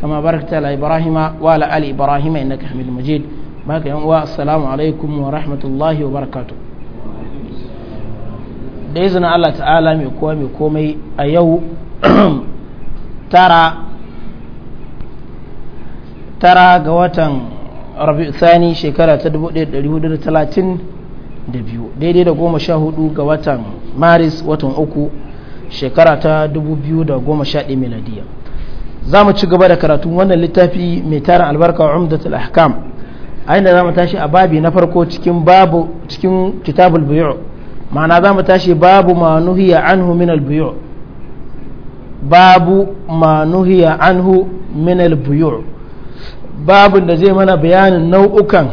كما باركت على إبراهيم وعلى آل إبراهيم إنك حميد مجيد بارك يا السلام عليكم ورحمة الله وبركاته da izinin Allah ta'ala mai komai a yau tara ga watan rabi tsani shekara ta 1432 daidai da goma sha hudu ga watan maris watan uku shekara ta 2011 miladiyya za mu ci gaba da karatun wannan littafi mai tara albarka wa umdatul ahkam a inda za mu tashi a babi na farko cikin babu cikin kitabul buyu ma'ana za mu tashi babu ma nuhiya anhu min al buyu babu ma nuhiya anhu min al buyu babun da zai mana bayanin nau'ukan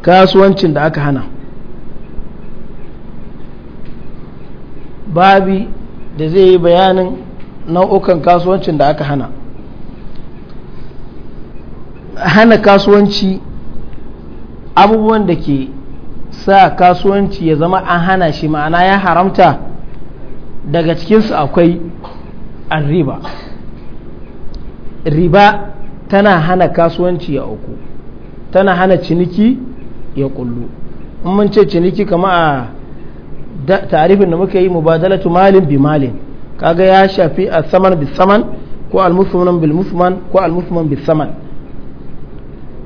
kasuwancin da aka hana babi da zai yi bayanin nau'ukan kasuwancin da aka hana hana kasuwanci abubuwan da ke sa kasuwanci ya zama an hana shi ma'ana ya haramta daga cikinsu akwai an riba riba tana hana kasuwanci ya uku tana hana ciniki ya kullu in mun ce ciniki kama a tarihin da muka yi mubadalatu malin bi malin kaga ya shafi a saman bi saman ko al-musman bil musman ko al-musman saman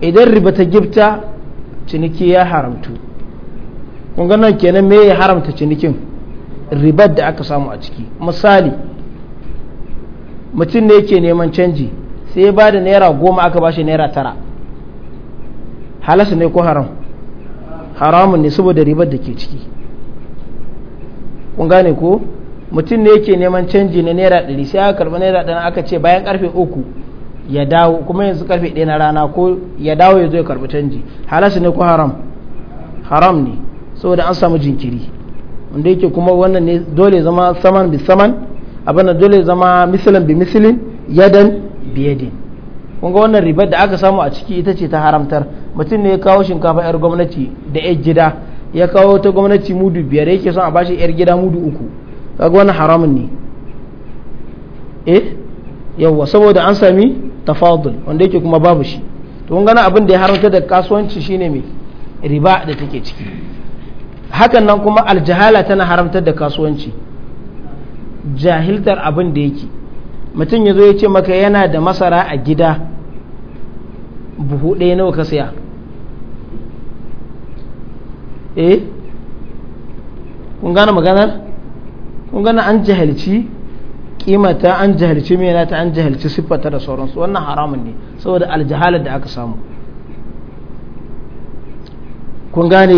idan riba ta gifta ciniki ya haramtu kun ga nan kenan me ya haramta cinikin ribar da aka samu a ciki misali mutum ne yake neman canji sai ya bada naira goma aka bashi naira tara halasa ne ko haram haramun ne saboda ribar da ke ciki kun gane ko mutum ne yake neman canji na naira ɗari sai aka karɓi naira ɗari aka ce bayan karfe uku ya dawo kuma yanzu karfe ɗaya na rana ko ya dawo ya zo ya karɓi canji halasu ne ko haram haram ne saboda an samu jinkiri wanda yake kuma wannan ne dole zama saman bi saman abin da dole zama misalin bi misalin yadan bi yadin kun ga wannan ribar da aka samu a ciki ita ce ta haramtar mutum ne ya kawo shinkafa yar gwamnati da yar gida ya kawo ta gwamnati mudu biyar yake son a bashi yar gida mudu uku kaga wannan haramun ne eh yawwa saboda an sami tafadul wanda yake kuma babu shi to kun gana abin da ya haramta da kasuwanci shine mai riba da take ciki hakan nan kuma aljahala tana haramtar da kasuwanci jahiltar abin da yake mutum ya zo ya ce maka yana da masara a gida buhu ɗaya nawa ka siya eh kun gane maganar kun gana an jahilci kimata an jahilci mena ta an jahilci siffata da sauransu wannan haramun ne saboda aljihalar da aka samu kun gane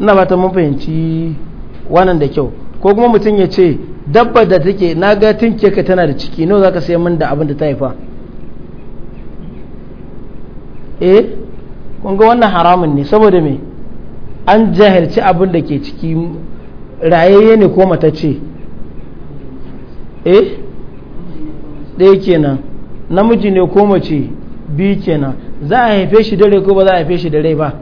ina ba ta mun fahimci wannan da kyau ko kuma mutum ya ce dabba da take na ga tinke ka tana da ciki nawa zaka sai min da abin da ta haifa eh kun ga wannan haramun ne saboda me an jahilci abin da ke ciki rayayye ne ko matacce eh ɗaya kenan namiji ne ko mace biyu kenan za a haife shi dare ko ba za a haife shi dare ba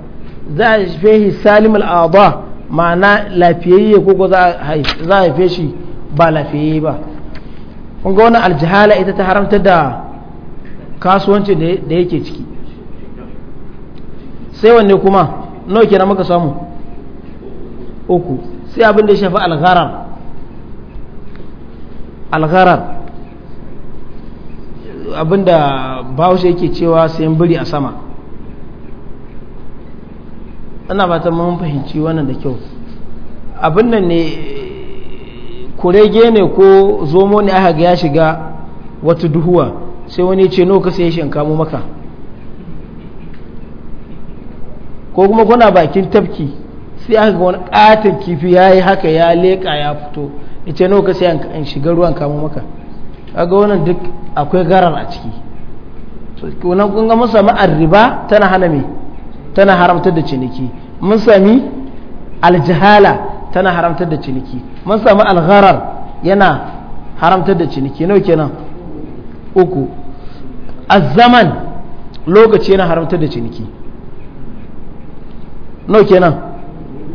za a haife shi salim al'adha ma'ana lafiyayye ko za a haife shi ba lafiyayye ba kun ga aljihala ita ta haramta da kasuwanci da yake ciki sai wanne kuma nawa kenan muka samu uku sai abin da ya shafi algharar algharar abin da bahaushe yake cewa sayan biri a sama ana fatan mun fahimci wannan da kyau abin nan ne kurege ne ko zomo ne aka ga ya shiga wata duhuwa sai wani ce no ka sai kamo maka ko kuma kuna bakin tafki sai aka ga wani katon kifi ya yi haka ya leƙa ya fito ya ce nawa ka sai in shiga ruwan kamo maka ga wannan duk akwai garar a ciki wannan kun ga mun sami arriba tana hana me tana haramtar da ciniki mun sami aljihala tana haramtar da ciniki mun sami algharar yana haramtar da ciniki nawa kenan uku zaman lokaci yana haramtar da ciniki nawa kenan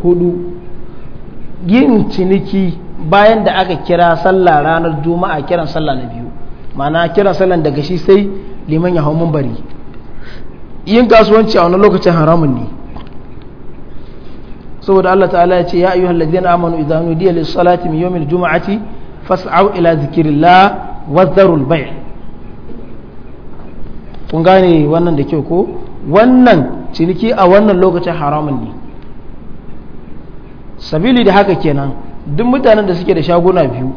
hudu yin ciniki bayan da aka kira sallah ranar juma'a kiran sallah na biyu mana kiran sallah daga shi sai liman ya hau bari yin kasuwanci a wani lokacin haramun ne saboda Allah ta'ala ya ce ya ayyuhal ladzina amanu idza nudiya lis salati min yawmil juma'ati fas'au ila zikrillah wadharul bay' kun gane wannan da kyau ko wannan ciniki a wannan lokacin haramun ne sabili da haka kenan duk mutanen da suke da shaguna biyu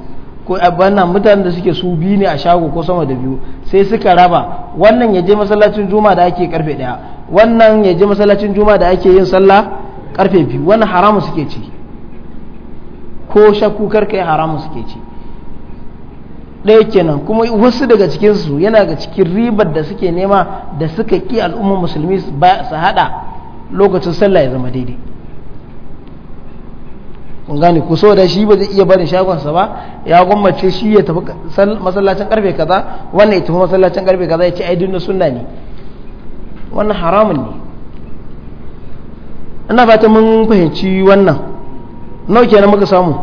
ko abanna mutanen da suke su biyu ne a shago ko sama da biyu sai suka raba wannan ya je masallacin juma da ake karfe daya wannan ya je masallacin juma da ake yin sallah karfe biyu wannan haramu suke ci ko shakku kai haramu suke ci ɗaya kenan kuma wasu daga cikinsu yana ga cikin ribar da suke nema da suka ki al'ummar musulmi su haɗa lokacin sallah ya zama daidai kun gane ku so da shi ba zai iya barin shagonsa ba ya gwammace shi ya tafi masallacin karfe kaza wannan ya tafi masallacin karfe kaza ya ce ai dinna sunna ne wannan haramun ne ina fata mun fahimci wannan ke na muka samu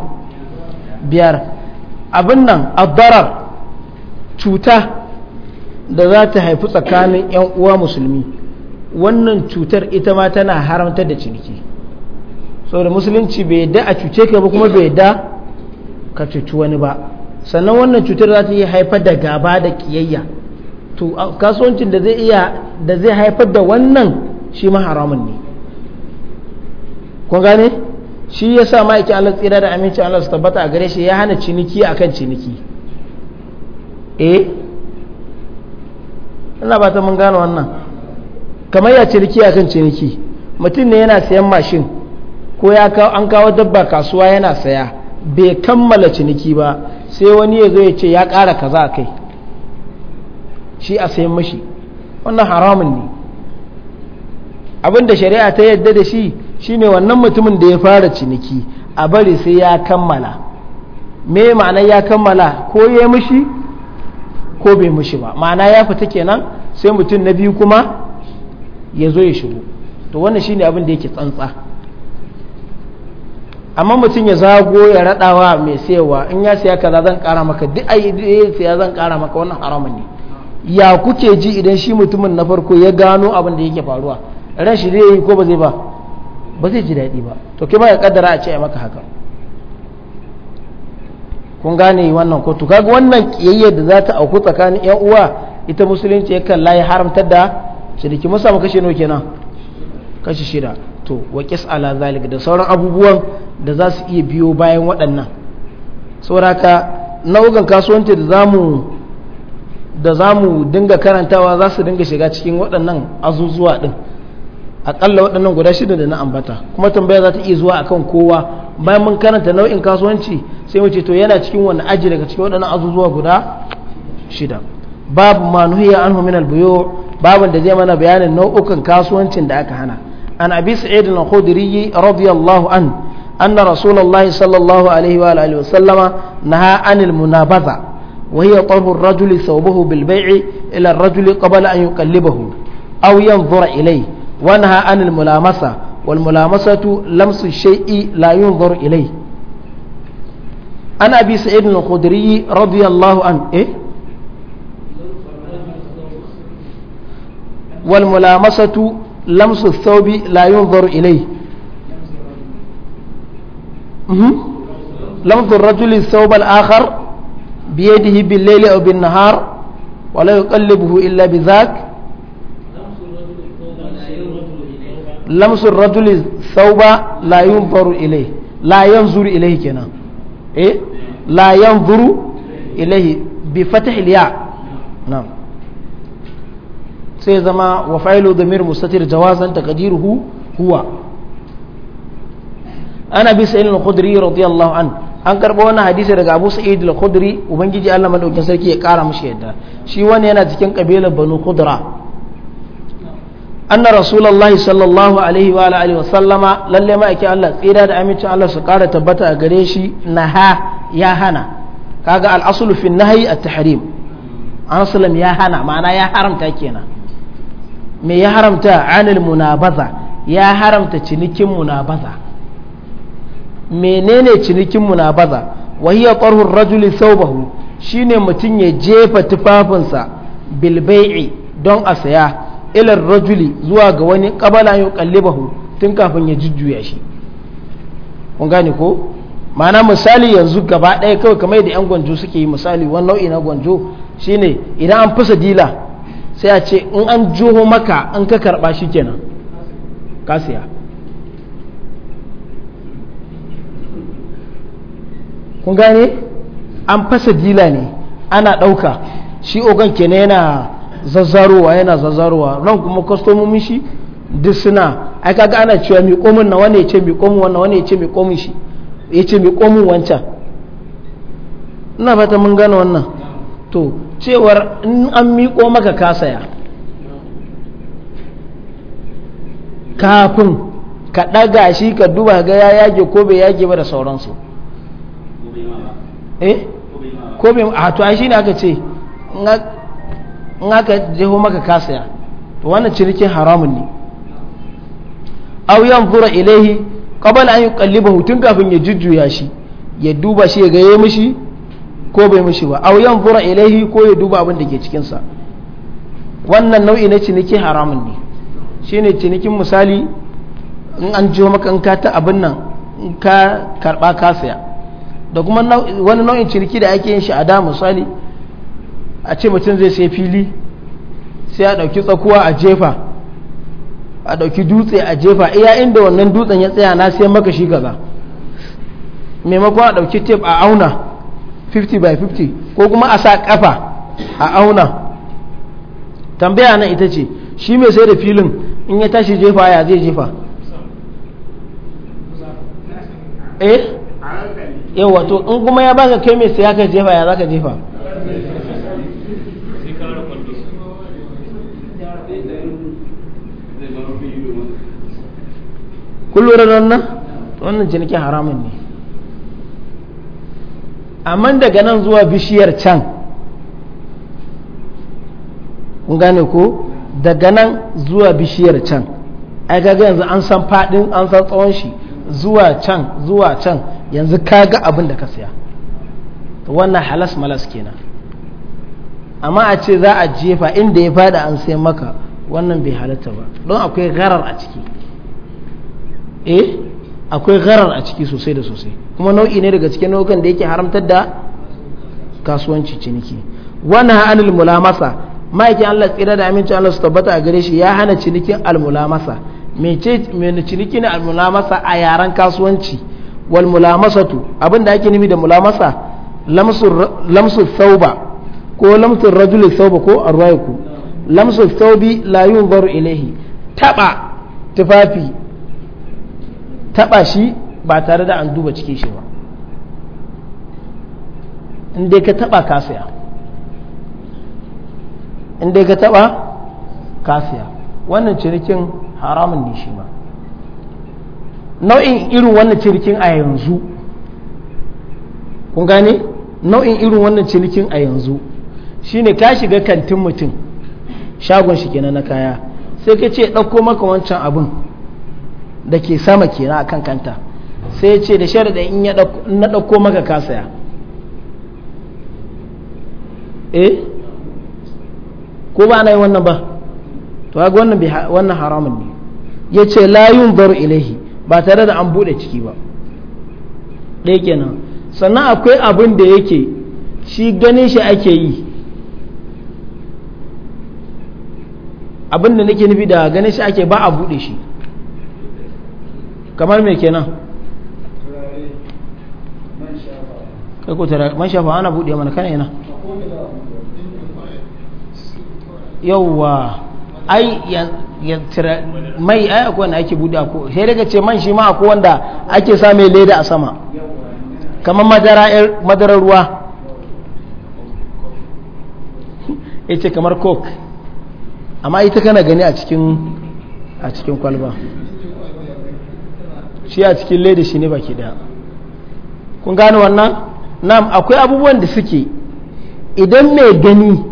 biyar abin nan abdarar cuta da za ta haifi tsakanin 'yan uwa musulmi wannan cutar ita ma tana haramtar da ciniki saboda musulunci bai da a cuce ka ba kuma bai da ka cuci wani ba sannan wannan cutar za ta iya haifar da gaba da kiyayya to kasuwancin da zai iya da zai haifar da wannan shi ma haramun ne kun gane shi ya sa ma'aikin Allah tsira da aminci Allah su tabbata a gare shi ya hana ciniki akan ciniki eh ina ba ta mun gane wannan kamar ya ciniki akan ciniki mutum ne yana sayan mashin ko ya kawo an kawo dabba kasuwa yana saya bai kammala ciniki ba sai wani ya zo ya ce ya ƙara kaza a kai shi a sayan mashi wannan haramun ne abinda shari'a ta yadda da shi shine wannan mutumin da ya fara ciniki a bari sai ya kammala me ma'ana ya kammala ko ya mashi ko bai mashi ba ma'ana ya fita kenan sai mutum na biyu kuma ya zo ya shigo to wannan shine abin da yake tsantsa amma mutum ya zago ya radawa mai sayawa in ya saya kaza zan kara maka duk ai duk saya zan kara maka wannan haramun ne ya kuke ji idan shi mutumin na farko ya gano abin da yake faruwa ran shi zai yi ko ba zai ba ba zai ji daɗi ba to kai ma ya kaddara a ce ai maka haka kun gane wannan ko to kaga wannan kiyayyar da za ta auku tsakanin yan uwa ita musulunci kalla ya haramtar da shiriki musa mu kashe nawa kenan kashi shida to wa qis ala zalika da sauran abubuwan da za su iya biyo bayan waɗannan sauraka nau'ukan kasuwanci da zamu da za mu dinga karantawa za su dinga shiga cikin waɗannan azuzuwa ɗin aƙalla waɗannan guda shida da na ambata kuma tambaya za ta iya zuwa akan kowa bayan mun karanta nau'in kasuwanci sai mu ce to yana cikin wani aji daga cikin waɗannan azuzuwa guda shida babu ma nuhiya anhu min al babu da zai mana bayanin nau'ukan kasuwancin da aka hana an abi sa'id al-khudri radiyallahu an أن رسول الله صلى الله عليه وآله وسلم نهى عن المنابذة وهي طلب الرجل ثوبه بالبيع إلى الرجل قبل أن يقلبه أو ينظر إليه ونهى عن الملامسة والملامسة لمس الشيء لا ينظر إليه أنا أبي سعيد الخدري رضي الله عنه إيه؟ والملامسة لمس الثوب لا ينظر إليه لفظ الرجل الثوب الآخر بيده بالليل أو بالنهار ولا يقلبه إلا بذاك لمس الرجل الثوب لا ينظر إليه لا ينظر إليه كنا إيه لا ينظر إليه بفتح الياء نعم سيزما وفعل ضمير مستتر جوازا تقديره هو ana bi sa'id al-khudri radiyallahu an an karbo wannan hadisi daga Abu Sa'id al-Khudri ubangiji Allah madaukakin sarki ya kara mushi yadda shi wani yana cikin kabilar Banu Khudra anna rasulullahi sallallahu alaihi wa alihi wa sallama lalle ma ake Allah tsira da amincin Allah su kara tabbata a gare shi naha ya hana kaga al-aslu fi nahyi at-tahrim an ya hana ma'ana ya haramta kenan me ya haramta anil munabaza ya haramta cinikin munabaza menene cinikin munabaza wahiya qarhur rajuli thawbahu shine mutum ya jefa tufafinsa bil bai'i don a saya ilar rajuli zuwa ga wani qabala yuqallibahu tun kafin ya jujjuya shi kun gane ko ma'ana misali yanzu gaba ɗaya kawai kamar da 'yan gwanjo suke yi misali wani nau'i na gwanjo shine idan an fasa dila sai a ce in an joho maka an ka karɓa shi kenan kasiya kun gane an fasa dila ne ana ɗauka shi ogan kenan yana zazzarowa yana zazzarowa nan kuma kwastomomin shi duk suna ai kaga ana cewa mai komin na wani ya ce mai komin wannan wani ya ce mai komin shi ya ce mai komin wancan ina fata mun gane wannan to cewar in an miƙo maka kasaya kafin ka ɗaga shi ka duba ga ya yage ko bai yage ba da sauransu eh ko bai a to ai shine aka ce in aka jeho maka kasaya to wannan cinikin haramun ne aw yanzura ilaihi qabla an yuqallibahu tun kafin ya jujjuya shi ya duba shi ya ga yayi mishi ko bai mishi ba aw yanzura ilaihi ko ya duba abin da ke cikin sa wannan nau'i na ciniki haramun ne shine cinikin misali in an jiho maka in ka ta abin nan in ka karba ka saya da kuma wani nau'in ciniki da ake yin shi a da misali a ce mutum zai sai fili sai a ɗauki tsakuwa a jefa a ɗauki dutse a jefa iya inda wannan dutsen ya tsaya na sai maka shi gaza maimakon a ɗauki tep a auna 50 by 50 ko kuma a sa kafa a auna tambaya na ita ce shi mai sai da filin in ya tashi jefa ya zai jefa eh yau wato in kuma ya baka kai mai saya ka jefa ya za ka jefa kullum da wannan wannan jinikin haramun ne amma daga nan zuwa bishiyar can kun gane ko daga nan zuwa bishiyar can ai kaga yanzu an san fadin an san tsawon shi zuwa can zuwa can yanzu ka ga abin da ka saya to wannan halas malas kenan amma a ce za a jefa inda ya fada an sai maka wannan bai halatta ba don akwai garar a ciki eh akwai garar a ciki sosai da sosai kuma nau'i ne daga cikin nau'ukan da yake haramtar da kasuwanci ciniki wannan anil mulamasa ma'aikin Allah tsira da amincin Allah su tabbata a gare shi ya hana cinikin almulamasa mece cinikin almulamasa a yaren kasuwanci wal mulamasatu abin da ake nimi da mulamasa lamsu thauba ko lamsu rajuli thauba ko arwaiku lamsu thaubi la yunzaru ilaihi taba tufafi taba shi ba tare da an duba cike shi ba in dai ka taba kasiya inda ka taba ka saya wannan cinikin haramun ne shi ma nau'in irin wannan cinikin a yanzu kun gane nau'in irin wannan cinikin a yanzu shine ka shiga kantin mutum shagon shi kenan na kaya sai ka ce ɗauko maka wancan abin da ke sama kenan kan kanta sai ya ce da da in na ɗauko maka ka saya eh ko ba na yi wannan ba to ga wannan haramun ne ya ce layun bar ilahi ba tare da an bude ciki ba ɗaya kenan sannan akwai abin da yake shi ganin shi ake yi abin da nake nufi da ganin shi ake ba a bude shi kamar me kenan kai ko tara man shafa ana bude mana kana yana yawwa ai mai ai akwai wanda ake buɗe ko sai daga ce man shi ma akwai wanda ake sa mai leda a sama kamar madarar ruwa ita ce kamar coke amma ita kana gani a cikin a cikin kwalba shi a cikin leda shi ne baki daya kun gane wannan nam akwai abubuwan da suke idan mai gani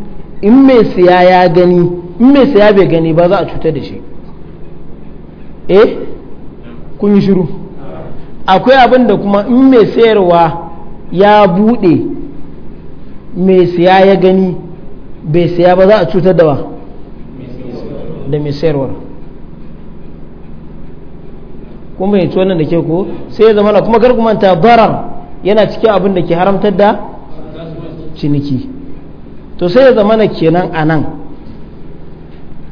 in mai siya ya gani in mai saya bai gani ba za a cutar da shi eh kun yi shiru akwai abin da kuma in mai sayarwa ya bude mai saya ya gani bai saya ba za a cutar da ba da mai sayarwar kuma yi wannan da ke ko sai ya zama na kuma kar manta barar yana cikin abin da ke haramtar da ciniki to sai ya zama na kenan a nan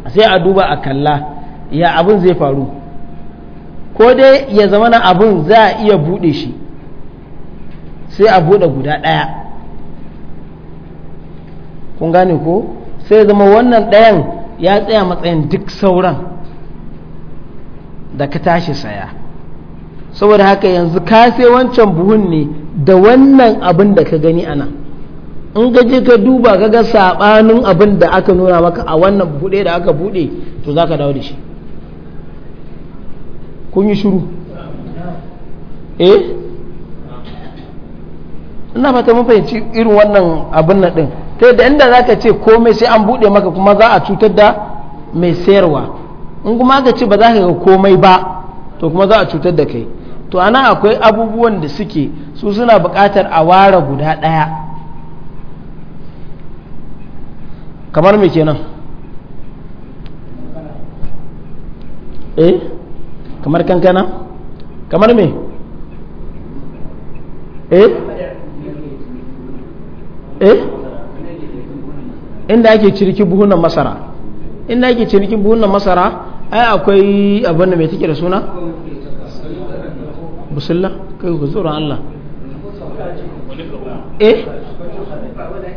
sai a duba a kalla ya abin zai faru ko dai ya zama na abin za a iya buɗe shi sai a buɗe guda ɗaya kun gane ko sai zama wannan ɗayan ya tsaya matsayin duk sauran da ka tashi saya saboda haka yanzu ka sai wancan buhun ne da wannan abin da ka gani a nan in ka je ka duba ka ga sabanin abin da aka nuna maka a wannan bude da aka bude to za ka dawo da shi kun yi shiru eh ina fata mun fahimci irin wannan abin na din ta yadda inda za ka ce komai sai an bude maka kuma za a cutar da mai sayarwa in kuma aka ce ba za ka ga komai ba to kuma za a cutar da kai to ana akwai abubuwan da suke su suna buƙatar a ware guda ɗaya kamar mai kenan eh kamar kankana kamar me eh eh inda ake cirki buhunan masara inda ake cirki buhunan masara ai akwai abin da mai take da suna busulla kai ku zura Allah eh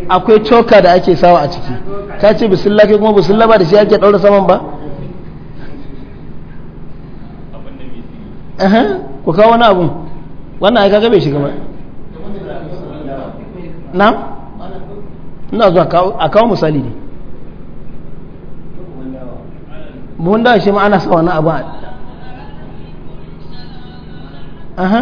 akwai coka da ake sawa a ciki ka ce bismillah kai kuma bismillah ba da shi ake daura saman ba ku kawo wani abun wannan aika gabe shi gaba na? ina zuwa a kawo misali ne buhun dawa shi ma ana sa wani abu a aha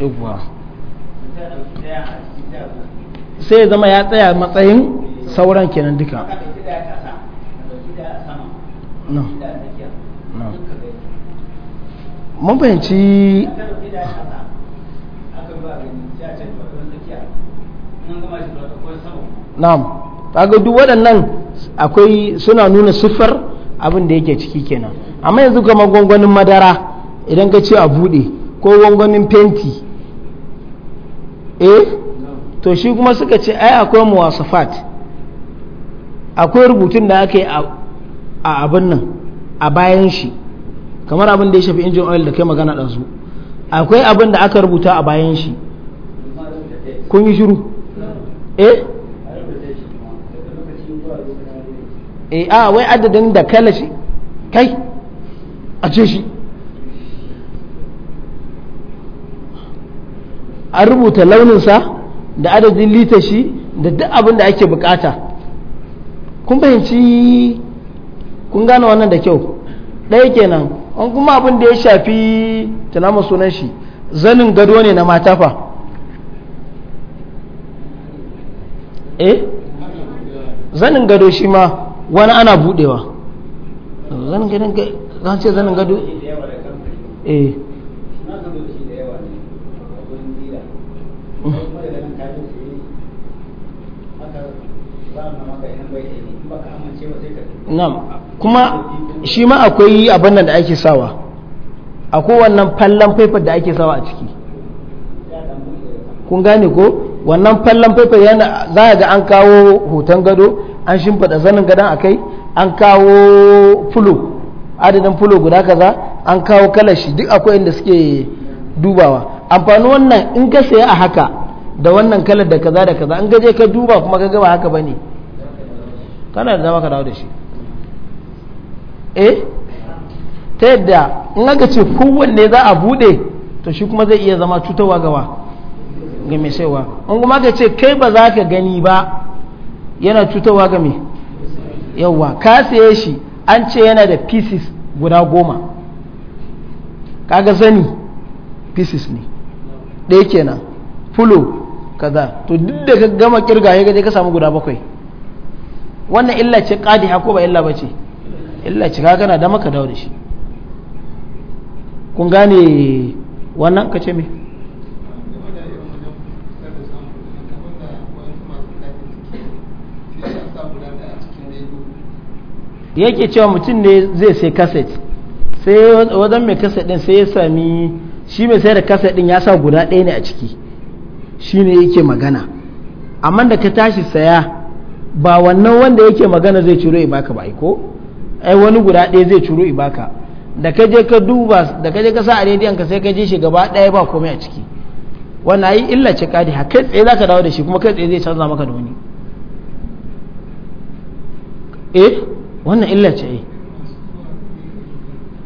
yawwa sai ya zama ya tsaya matsayin sauran kenan duka mun fahimci na'am kaga duk waɗannan akwai suna nuna siffar abin da yake ciki kenan amma yanzu kamar gwangwanin madara idan ka ce a buɗe ko gwangwanin fenti eh to shi kuma suka ce ai akwai muwasafat akwai rubutun da aka yi a abin nan a bayan shi kamar abin da ya shafi injin oil da kai magana ɗansu akwai abin da aka rubuta a bayan shi kun yi shiru eh, eh a wai adadin da kai a ce shi an rubuta launinsa da adadin litar shi da duk abin da ake bukata kun fahimci kun gane wannan da kyau ɗaya kenan an kuma abin da ya shafi tunama sunan shi zanin gado ne na mata fa eh zanin gado shi ma wani ana budewa zanin gado zanin gado eh kuma shi ma akwai abin nan da ake sawa akwai wannan fallon faifar da ake sawa a ciki kun gane ko wannan fallon faifar yana za a ga an kawo hoton gado an shimfiɗa zanin gadon a kai an kawo fulo adadin fulo guda kaza an kawo kalashi duk akwai inda suke dubawa amfani wannan in ka saya a haka da wannan kalar da kaza da kaza in ka je ka duba kuma ka gaba haka bane kana da dama ka dawo da shi eh ta yadda in aka ce kowanne za a bude to shi kuma zai iya zama cutarwa gawa ga mai saiwa in kuma aka ce kai ba za ka gani ba yana cutarwa ga mai yawwa ka saye shi an ce yana da pieces guda goma kaga sani pieces ne ɗaya kenan fulo kaza to duk da ka gama kirga ya gaje ka samu guda bakwai wannan illa ce ƙadi ko ba illa ba ce illa ci kana da maka dawo da shi kun gane wannan ka ce me yake cewa mutum ne zai sai kaset sai wajen mai kaset din sai ya sami shi mai sai da kaset din ya sa guda ɗaya ne a ciki shi ne yake magana amma da ka tashi saya ba wannan wanda yake magana zai ciro ya baka ba ko ai wani guda ɗaya zai ciro ibaka da ka je ka duba da ka je ka sa a rediyon ka sai ka ji shi gaba ɗaya ba komai a ciki wannan ai illa ce kadi ha kai tsaye zaka dawo da shi kuma kai tsaye zai canza maka da wani eh wannan illa ce eh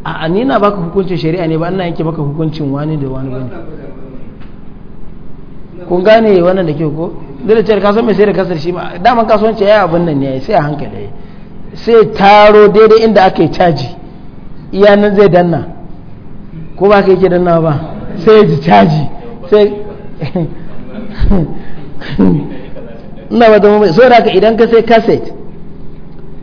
a ni na baka hukuncin shari'a ne ba ina yanke maka hukuncin wani da wani bane kun gane wannan da ke ko dole ce ka san me sai da kasar shi ma daman kasuwanci yayi abin nan ne sai a hankali sai taro daidai inda aka yi caji iya nan zai danna ko ba ka yake danna ba sai ya ji caji sai ina ba zama mai saboda idan ka sai kaset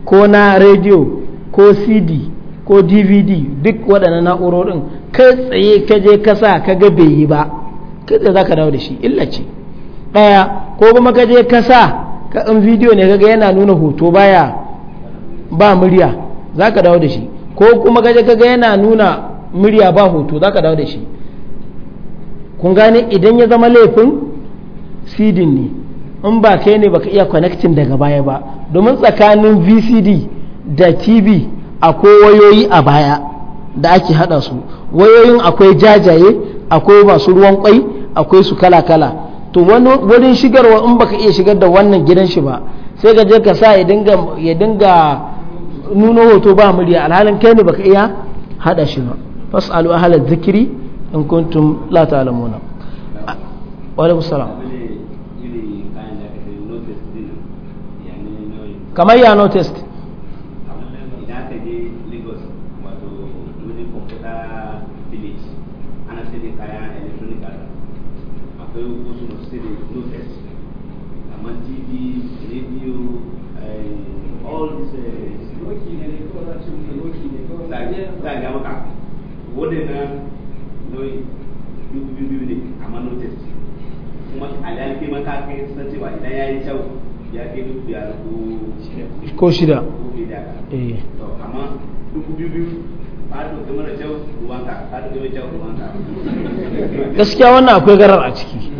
ko na rediyo ko cd ko dvd duk waɗannan na'urorin kai tsaye ka je ka ka ga bai yi ba kai tsaye za ka dawo da shi illa ce ɗaya ko kuma ka je ka ka in bidiyo ne ga yana nuna hoto baya ba murya za ka dawo da shi ko kuma gaje kaga yana nuna murya ba hoto za ka dawo da shi kun gane idan ya zama laifin sidin ne in ba kai ne baka iya connecting daga baya ba domin tsakanin vcd da tv akwai wayoyi a baya da ake hada su wayoyin akwai jajaye akwai masu ruwan kwai akwai su kala-kala to wurin shigarwa in baka iya shigar da wannan gidan shi ba sai ka je ka sa ya dinga nuno hoto ba murya alhalin kai ne baka iya hada shi ba fas'alu ahla dhikri in kuntum la ta'lamuna wa alaikum salam kamar ya noticed ta ga maka na nauyi dubu biyu biyu ne kamar notice kuma a lalke maka ka yi san cewa idan ya yi kyau ya ke dubu biyar ko ko shida eh. to amma dubu biyu biyu gaskiya wannan akwai garar a ciki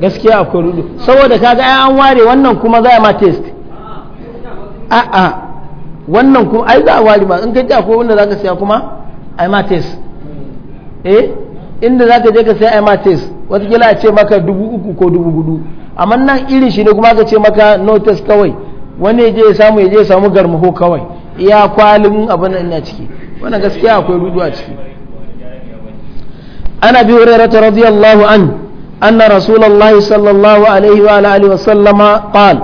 gaskiya akwai rudu saboda kaga an ware wannan kuma za a ma test ah. a a wannan kuma ai za a wari ba in kai ta akwai wanda za ka siya kuma ai ma eh inda za ka je ka siya ai ma test watakila a ce maka dubu uku ko dubu hudu amma nan irin shi ne kuma aka ce maka no test kawai wani je ya samu ya je ya samu garmaho kawai iya kwalin abin da ina ciki wannan gaskiya akwai rudu a ciki ana bi hurairah radiyallahu an أن رسول الله صلى الله عليه وعلى آله وسلم قال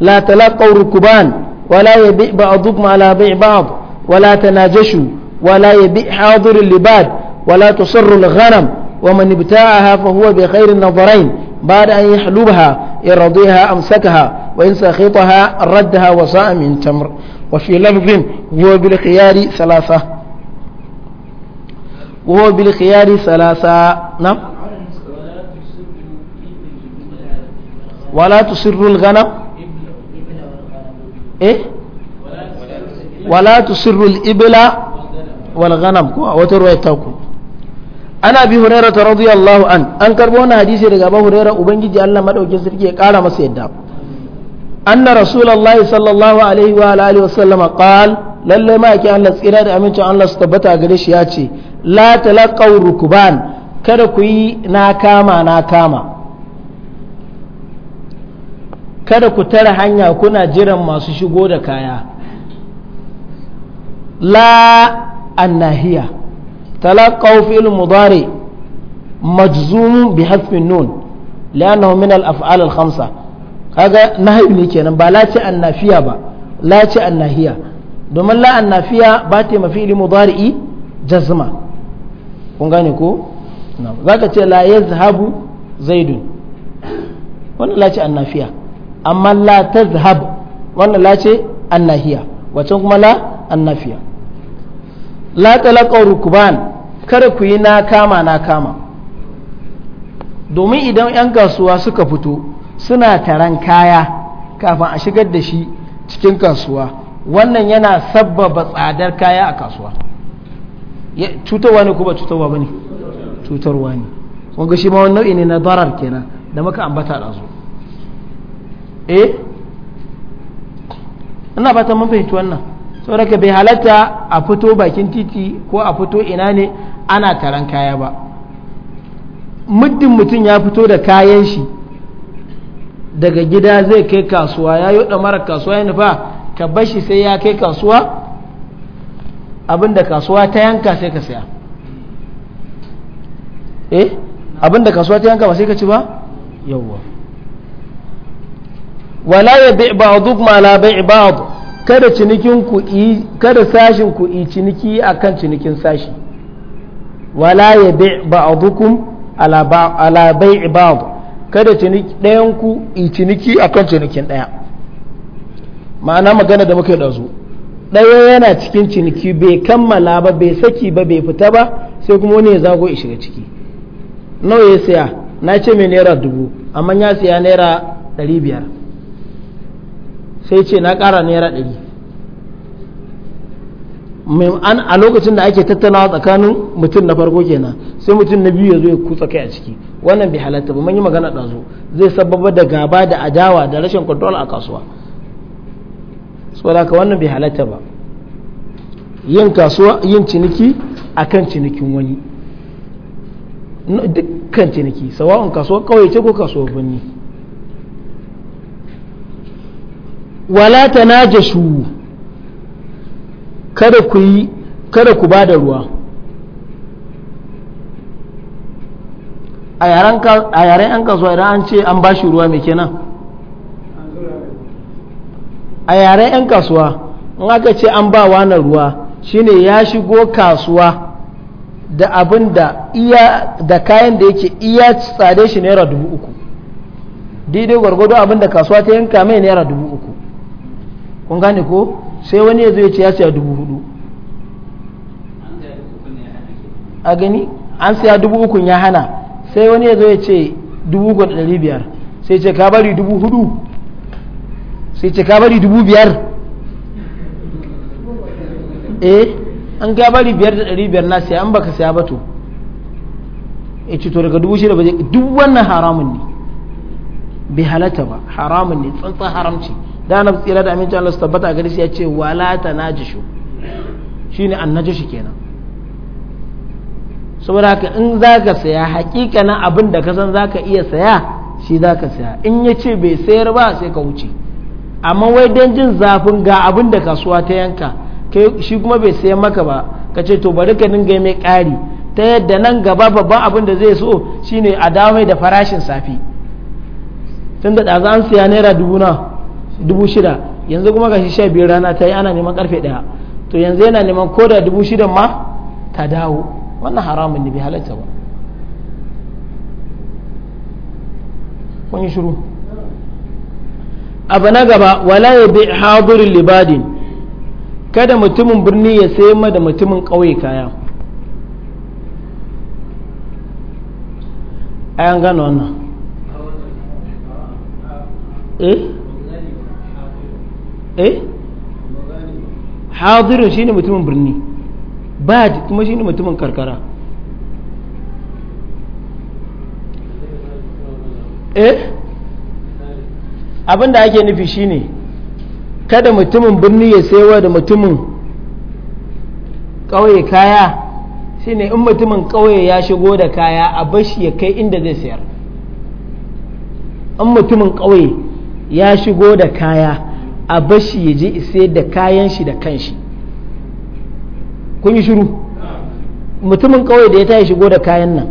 لا تلقوا ركبان ولا يبيع بعضكم على بيع بعض ولا تناجشوا ولا يبيع حاضر اللباد ولا تصر الغنم ومن ابتاعها فهو بخير النظرين بعد أن يحلبها يرضيها أمسكها وإن سخطها ردها وصاء من تمر وفي لفظ هو بالخيار ثلاثة وهو بالخيار ثلاثة نعم ولا تصر الغنم eh wala tusirru al-ibla wal ghanam ko wata ruwaya ta ku ana bi hurairah radiyallahu an an karbo wannan hadisi daga Abu Hurairah ubangiji Allah madaukin sarki ya kara masa yadda anna rasulullahi sallallahu alaihi wa alihi wa sallama qala lalle ma yake Allah tsira da amincin Allah su tabbata gare shi ya ce la talaqaw rukuban kada ku yi na kama na kama kada ku tara hanya kuna jiran masu shigo da kaya la annahiya talaqaw fi'l mudari majzum bi hasfin nun li'annahu min al-af'al al-khamsa kaga nahyi ne kenan ba la ce annafiya ba la ce annahiya domin la annafiya ba ta mafi ilmu mudari'i jazma kun gane ko zaka ce la yazhabu zaidun wannan la ce annafiya amma la ta zahab wannan la ce an nahiya wacan kuma la nafiya la talaqaw rukban kada ku yi na kama na kama domin idan 'yan kasuwa suka fito suna taran kaya kafin a shigar da shi cikin kasuwa wannan yana sabbaba tsadar kaya a kasuwa cutarwa ne ko ba cutarwa ba ne cutarwa ne wanga shi ma wani nau'i ne na darar kenan da muka ambata zuwa eh ina fata mun fahimci wannan saboda bai halatta a fito bakin titi ko a fito ina ne ana taron kaya ba muddin mutum ya fito da kayan shi daga gida zai kai kasuwa ya yi mara kasuwa ya nufa ka bashi sai ya kai kasuwa abinda kasuwa ta yanka sai ka saya eh abinda kasuwa ta yanka ba sai ka ci ba yawwa wala ya bai ba'duk ma la bai ba'd kada cinikin ku kada sashin ku yi ciniki akan cinikin sashi wala ya bai ba'dukum ala ala bai kada ciniki ɗayan ku yi ciniki akan cinikin ɗaya ma'ana magana da muka yi ɗazu ɗaya yana cikin ciniki bai kammala ba bai saki ba bai fita ba sai kuma wani ya zago ya shiga ciki nawa ya siya na ce mai naira dubu amma ya siya naira ɗari biyar sai ce na ƙara naira ɗari a lokacin da ake tattalawa tsakanin mutum na farko kenan sai mutum na biyu ya zo ya kutsa kai a ciki wannan bai halatta ba mun yi magana ɗazu zai sababa da gaba da adawa da rashin control a kasuwa saboda haka wannan bai halatta ba yin kasuwa yin ciniki akan cinikin wani dukkan ciniki sawa'un kasuwa kawai ce ko kasuwa birni wala shu kada ku yi kada ku ba da ruwa a yaren an kasuwa idan an ce an ba shi ruwa mai kenan a yaren 'yan kasuwa in aka ce an ba wani ruwa shine ya shigo kasuwa da abin da iya da kayan da yake iya tsade shi naira dubu uku daidai gwargwado abin da kasuwa ta yanka mai naira dubu uku kun gane ko sai wani ya zo ya ce ya siya dubu hudu a gani an siya dubu ukun ya hana sai wani ya zo ya ce dubu uku ɗari biyar sai ce ka bari dubu hudu sai ce ka bari dubu biyar eh an ga bari biyar da ɗari biyar na siya an baka siya ba to ya ce to daga dubu shida ba duk wannan haramun ne bai halatta ba haramun ne tsantsan haramci da na tsira da amincin Allah su tabbata a shi ya ce wala ta najishu shine annajishu kenan saboda haka in zaka saya hakikanin abin da ka san zaka iya saya shi zaka saya in ya ce bai sayar ba sai ka wuce amma wai don jin zafin ga abin da kasuwa ta yanka shi kuma bai sayan maka ba ka ce to bari ka dinga mai ƙari ta yadda nan gaba babban abin da zai so shine a dawo da farashin safi tun da ɗaza an siya naira dubu na dubu shida yanzu kuma gashi sha biyu rana ta yi ana neman karfe ɗaya to yanzu yana neman ko da dubu shida ma ta dawo wannan haramun ne bai halatta ba kun yi shiru abu na gaba wala ya bi hadirin libadin kada mutumin birni ya sayi ma da mutumin ƙauye kaya ayan gano wannan eh eh hadirin shine mutumin birni bad kuma shine mutumin karkara eh abinda ake nufi shine kada mutumin birni ya saiwa da mutumin kawai kaya shine in mutumin kawai ya shigo da kaya a bashi ya kai inda zai sayar in mutumin kawai ya shigo da kaya a bashi ya je sayar da kayan shi da kanshi kun yi shiru mutumin kawai da ya tashi shigo da kayan nan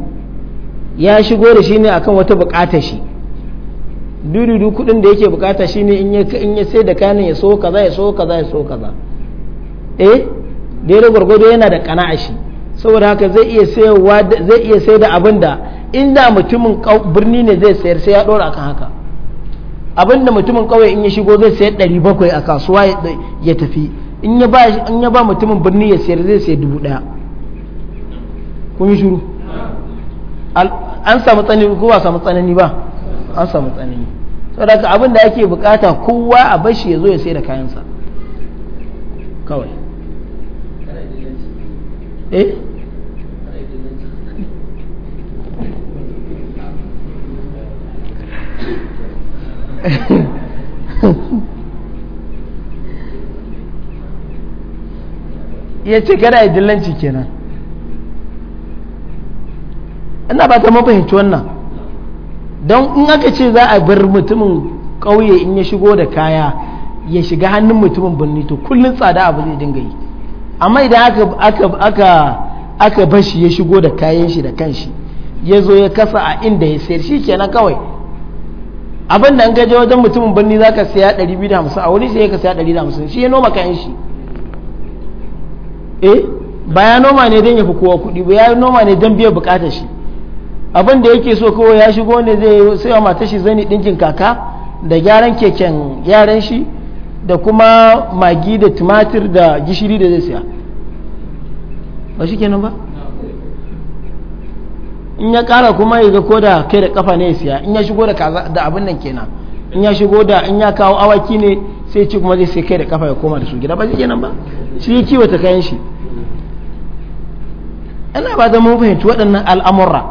ya shigo da shi ne akan wata bukata shi dudu kudin da yake bukata shi ne in ya sai da kayan ya so kaza ya so kaza ya so kaza eh daidai gwargwado yana da kana'a shi saboda haka zai iya sayarwa zai iya sayar da abin da inda mutumin birni ne zai sayar sai ya dora akan haka abinda mutumin kawai in ya shigo zai sayar ɗari bakwai a kasuwa ya tafi in ya ba mutumin birni ya sayar zai sayar dubu ɗaya kun yi shuru an samu tsanani ko ba samu tsanani ba an samu tsanani saboda haka abin da ake bukata kowa a bashi ya zo ya sayar da kayansa kawai eh ya ce kada ya dillanci kenan ina ba ta mafahimci wannan don in aka ce za a bar mutumin ƙauye in ya shigo da kaya ya shiga hannun mutumin birni to kullum tsada abu zai dinga yi amma idan aka bashi ya shigo da kayan shi da kanshi ya zo ya kasa a inda ya sayar shi kenan kawai abin da an gaje wajen mutumin birni za ka saya 250 a wuri sai ka saya 150 shi ya noma kayan shi eh ba ya noma ne don ya fi kowa kuɗi ba ya noma ne don biya bukatar shi abin da yake so kawai ya shigo ne zai sai wa mata shi zani ɗinkin kaka da gyaran keken yaran shi da kuma magi da tumatir da gishiri da zai siya ba shi kenan ba in ya kara kuma ya ga koda kai da kafa ne ya siya in ya shigo da abin nan kenan in ya shigo da in ya kawo awaki ne sai ci kuma zai sai kai da kafa ya koma da su gida ba shi kenan ba shi ya kiwata kayan shi Ina ba zama mun fahimci waɗannan al'amurra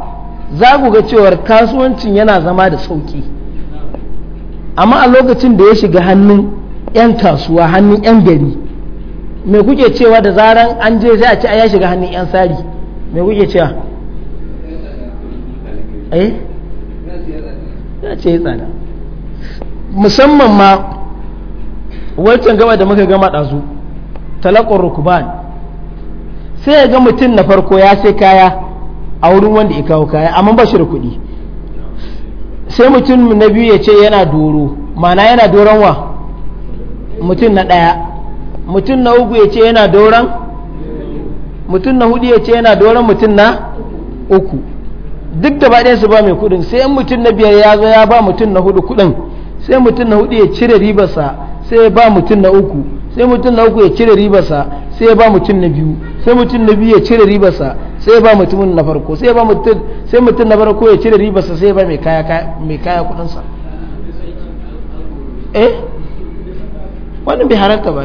za ku ga cewar kasuwancin yana zama da sauki amma a lokacin da ya shiga hannun 'yan kasuwa hannun 'yan gari me kuke cewa da zaran an je sai a ci a ya shiga hannun 'yan sari me kuke cewa Eh? ya ce ya tsada musamman ma wancan gaba da muka gama ɗazu talakon rukuban sai ya ga mutum na farko ya sai kaya a wurin wanda ya kawo kaya amma ba shi da kuɗi sai mutum na biyu ya ce yana doro mana yana doron wa mutum na ɗaya mutum na uku ya ce yana doron mutum na hudu ya ce yana doron mutum na uku duk gaba ɗaya su ba mai kuɗin sai yan mutum na biyar ya zo ya ba mutum na hudu kuɗin sai mutum na hudu ya cire ribarsa sai ya ba mutum na uku sai mutum na uku ya cire ribarsa sai ya ba mutum na biyu sai mutum na biyu ya cire ribarsa sai ya ba mutumin na farko sai ba mutum sai mutum na farko ya cire ribarsa sai ya ba mai kaya mai kaya kuɗin sa eh wannan bai haranta ba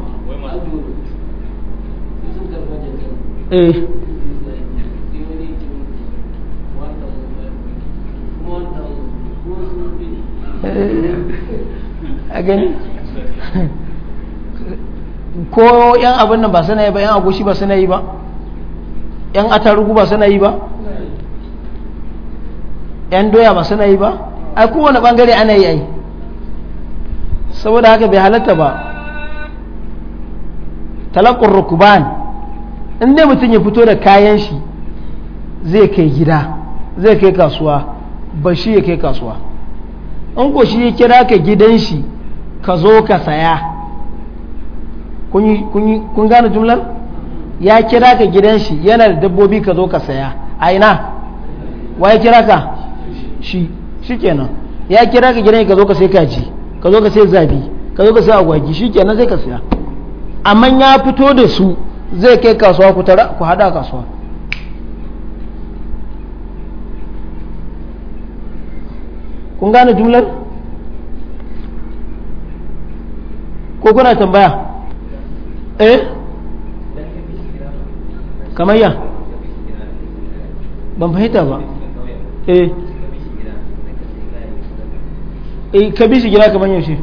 eh, eh. ko yan abin nan ba sana yi ba yan agushi ba sana yi ba yan atarugu ba sana yi ba yan doya ba sana yi ba a kowane bangare ana yi ai saboda haka bai halatta ba talakun rukubani in dai mutum ya fito da kayan shi zai kai gida zai kai kasuwa ba shi ya kai kasuwa in ko shi ya kira ka gidan shi ka zo ka saya kun gane jumlar ya kira ka gidan shi yana da dabbobi ka zo ka saya a ina wa ya kira ka shi shi kenan ya kira ka gidan shi ka zo ka sai kaji ka zo ka sai zabi ka zo ka sai agwagi shi kenan sai ka saya amma ya fito da su zai kai kasuwa ku tara ku hada kasuwa kun gane jumlar ko kuna tambaya eh kamar ya ban fahimta ba eh eh ka bi shi gida kamar yaushe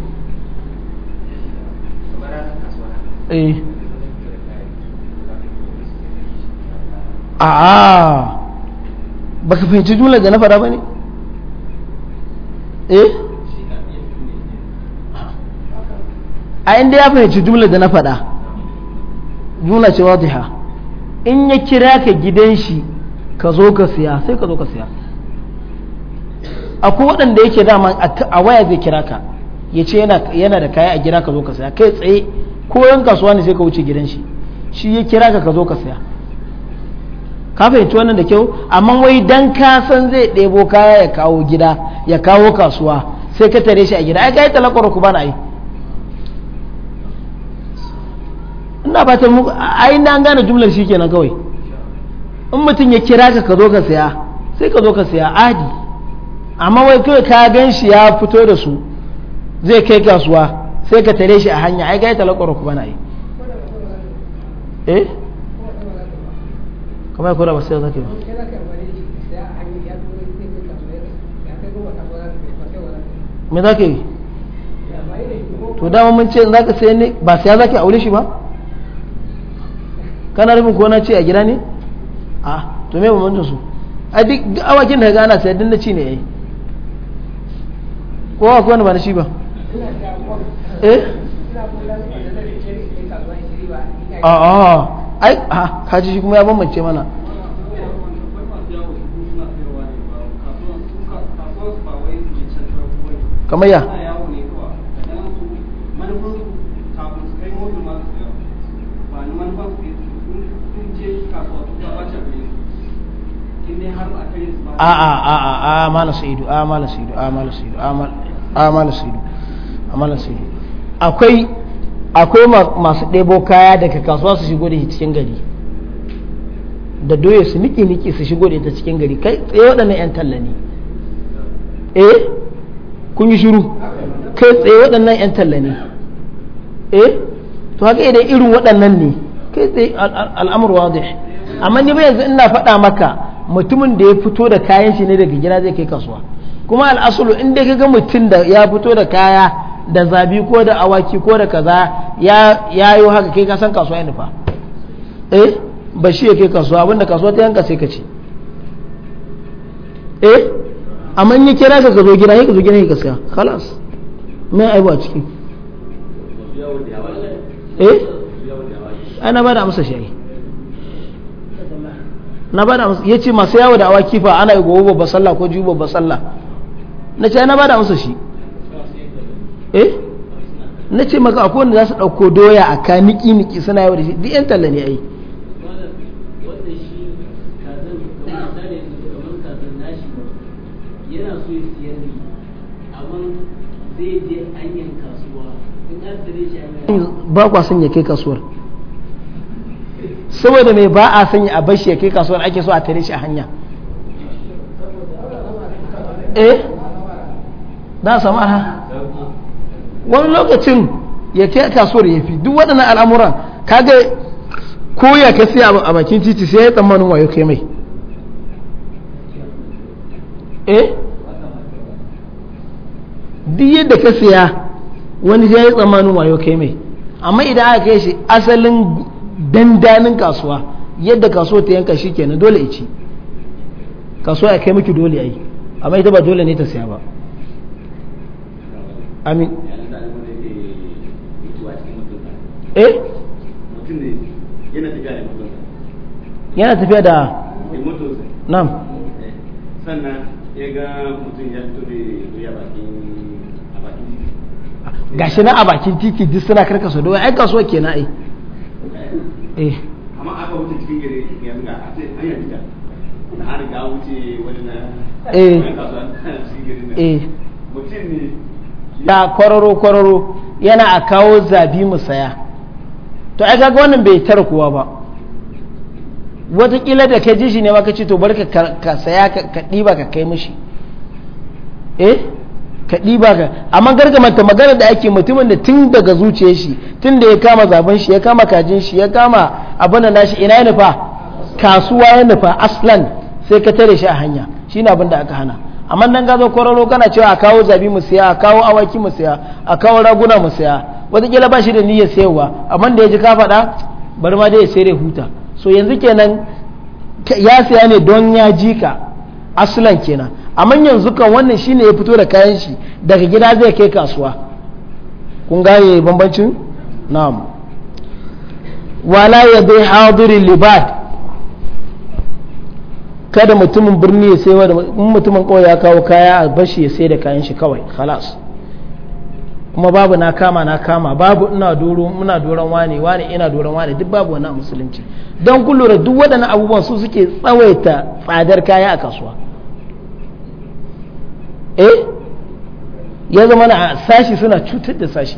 eh a ka fahimci jumlar da na fara ba ne eh a inda ya fahimci jumlar da na fara jumla ce wadiha in ya kira ka gidan shi ka zo ka siya sai ka zo ka siya akwai waɗanda yake dama a waya zai kira ka ya ce yana da kaya a gida ka zo ka siya kai tsaye ko yan kasuwa ne sai ka wuce gidan shi shi ya kira ka ka zo ka siya ka fahimci wannan da kyau amma wai dan ka san zai ɗebo kaya ya kawo gida ya kawo kasuwa sai ka tare shi a gida ai ga ita lakwar ku bana ai ina ba ta muku ai na gane jumlar shi kenan kawai in mutum ya kira ka ka zo ka saya sai ka zo ka saya adi amma wai kawai ka gan shi ya fito da su zai kai kasuwa sai ka tare shi a hanya ai ga ita lakwar ku bana ai eh kuma ya kura ba sai zaka me zaka yi to da mun ce zaka sai ne ba sai a aure shi ba kana rufin ko na ce a gida ne a to me mun su a duk awakin da gana sai dinna ci ne yayi ko a wani ba na shi ba eh a a ai a kaji shi kuma ya bambance mana kamar ya a a a a a mala saidu a mala saidu a mala saidu a mala saidu a mala saidu akwai akwai masu ɗebo kaya daga kasuwa su shigo da shi cikin gari da doya su niki niki su shigo da ita cikin gari kai tsaye waɗannan 'yan talla ne eh kun yi shiru kai tsaye waɗannan 'yan talla ne eh to haka idan irin waɗannan ne kai tsaye al'amur wadih amma ni ba yanzu ina faɗa maka mutumin da ya fito da kayan shi ne daga gida zai kai kasuwa kuma al'asulu in dai ga mutum da ya fito da kaya da zabi ko da awaki ko da kaza ya yi haka kai kasan kasuwa ya nufa eh ba shi ya kai kasuwa abinda kasuwa ta yanka sai ka ce eh amma in yi kira ka ka zo gida sai ka zo gida ka saya khalas me aibu a ciki eh ana ba da amsa shi na ba da ya ce masu yawo da awaki fa ana yi gobe babbar sallah ko jibi babbar sallah na ce ana ba da amsa shi eh na ce maka akwai wanda za su ɗauko doya a ka niki niki suna yawa da shi duk 'yan talla ne a yi ba kwa son ya kai kasuwar saboda mai ba a sanya a bashi ya kai kasuwar ake so a tare shi a hanya eh na sama ha wani lokacin ya kai kasuwar ya fi duk waɗannan al'amuran kaga ko ya ka siya a bakin titi sai ya tsammanin wayo kai mai eh duk yadda ka siya wani sai ya tsammanin wayo kai mai amma idan aka kai shi asalin dandanin kasuwa yadda kasuwa ta yanka shi kenan dole ici kasuwa ya kai miki dole ai amma ita ba dole ne ta siya ba amin eh yana tafiya da eh. Nan? ya ga mutum a bakin titi gashi na a bakin titi duk suna ke eh amma aka wuce cikin gari ya zuga a ce hanyar yanzu da har ga wuce wani na eh eh mutum ne ya kwararo kwararo yana a kawo zabi mu saya to ai kaga wannan bai tara kowa ba watakila da ka ji shi ne ma ce to bar ka saya ka ɗiba ka kai mashi eh ka ɗiba ka amma gargamanta magana da ake mutumin da tun daga zuciyar shi tun da ya kama zaben shi ya kama kajin shi ya kama abin da nashi ina ya nufa kasuwa ya nufa aslan sai ka tare shi a hanya shi ne abin da aka hana amma nan gazo kwararo kana cewa a kawo zabi mu siya a kawo awaki mu siya a kawo raguna mu siya wataƙila ba shi da niyyar sayarwa amma da ya ji ka faɗa bari ma dai ya sayar huta so yanzu kenan ya saya ne don ya ji ka asulan kenan amma yanzu kan wannan shine ya fito da kayan shi daga gida zai kai kasuwa kun gane bambancin na'am wala ya bai hadiri libad kada mutumin birni ya sai mutumin kawai ya kawo kaya a bashi ya sai da kayan shi kawai khalas kuma babu na kama na kama babu ina doro muna doron wane wane ina doron wane duk babu wannan musulunci don kun lura duk waɗannan abubuwan su suke tsawaita tsadar kaya a kasuwa eh ya zama na sashi suna cutar da sashi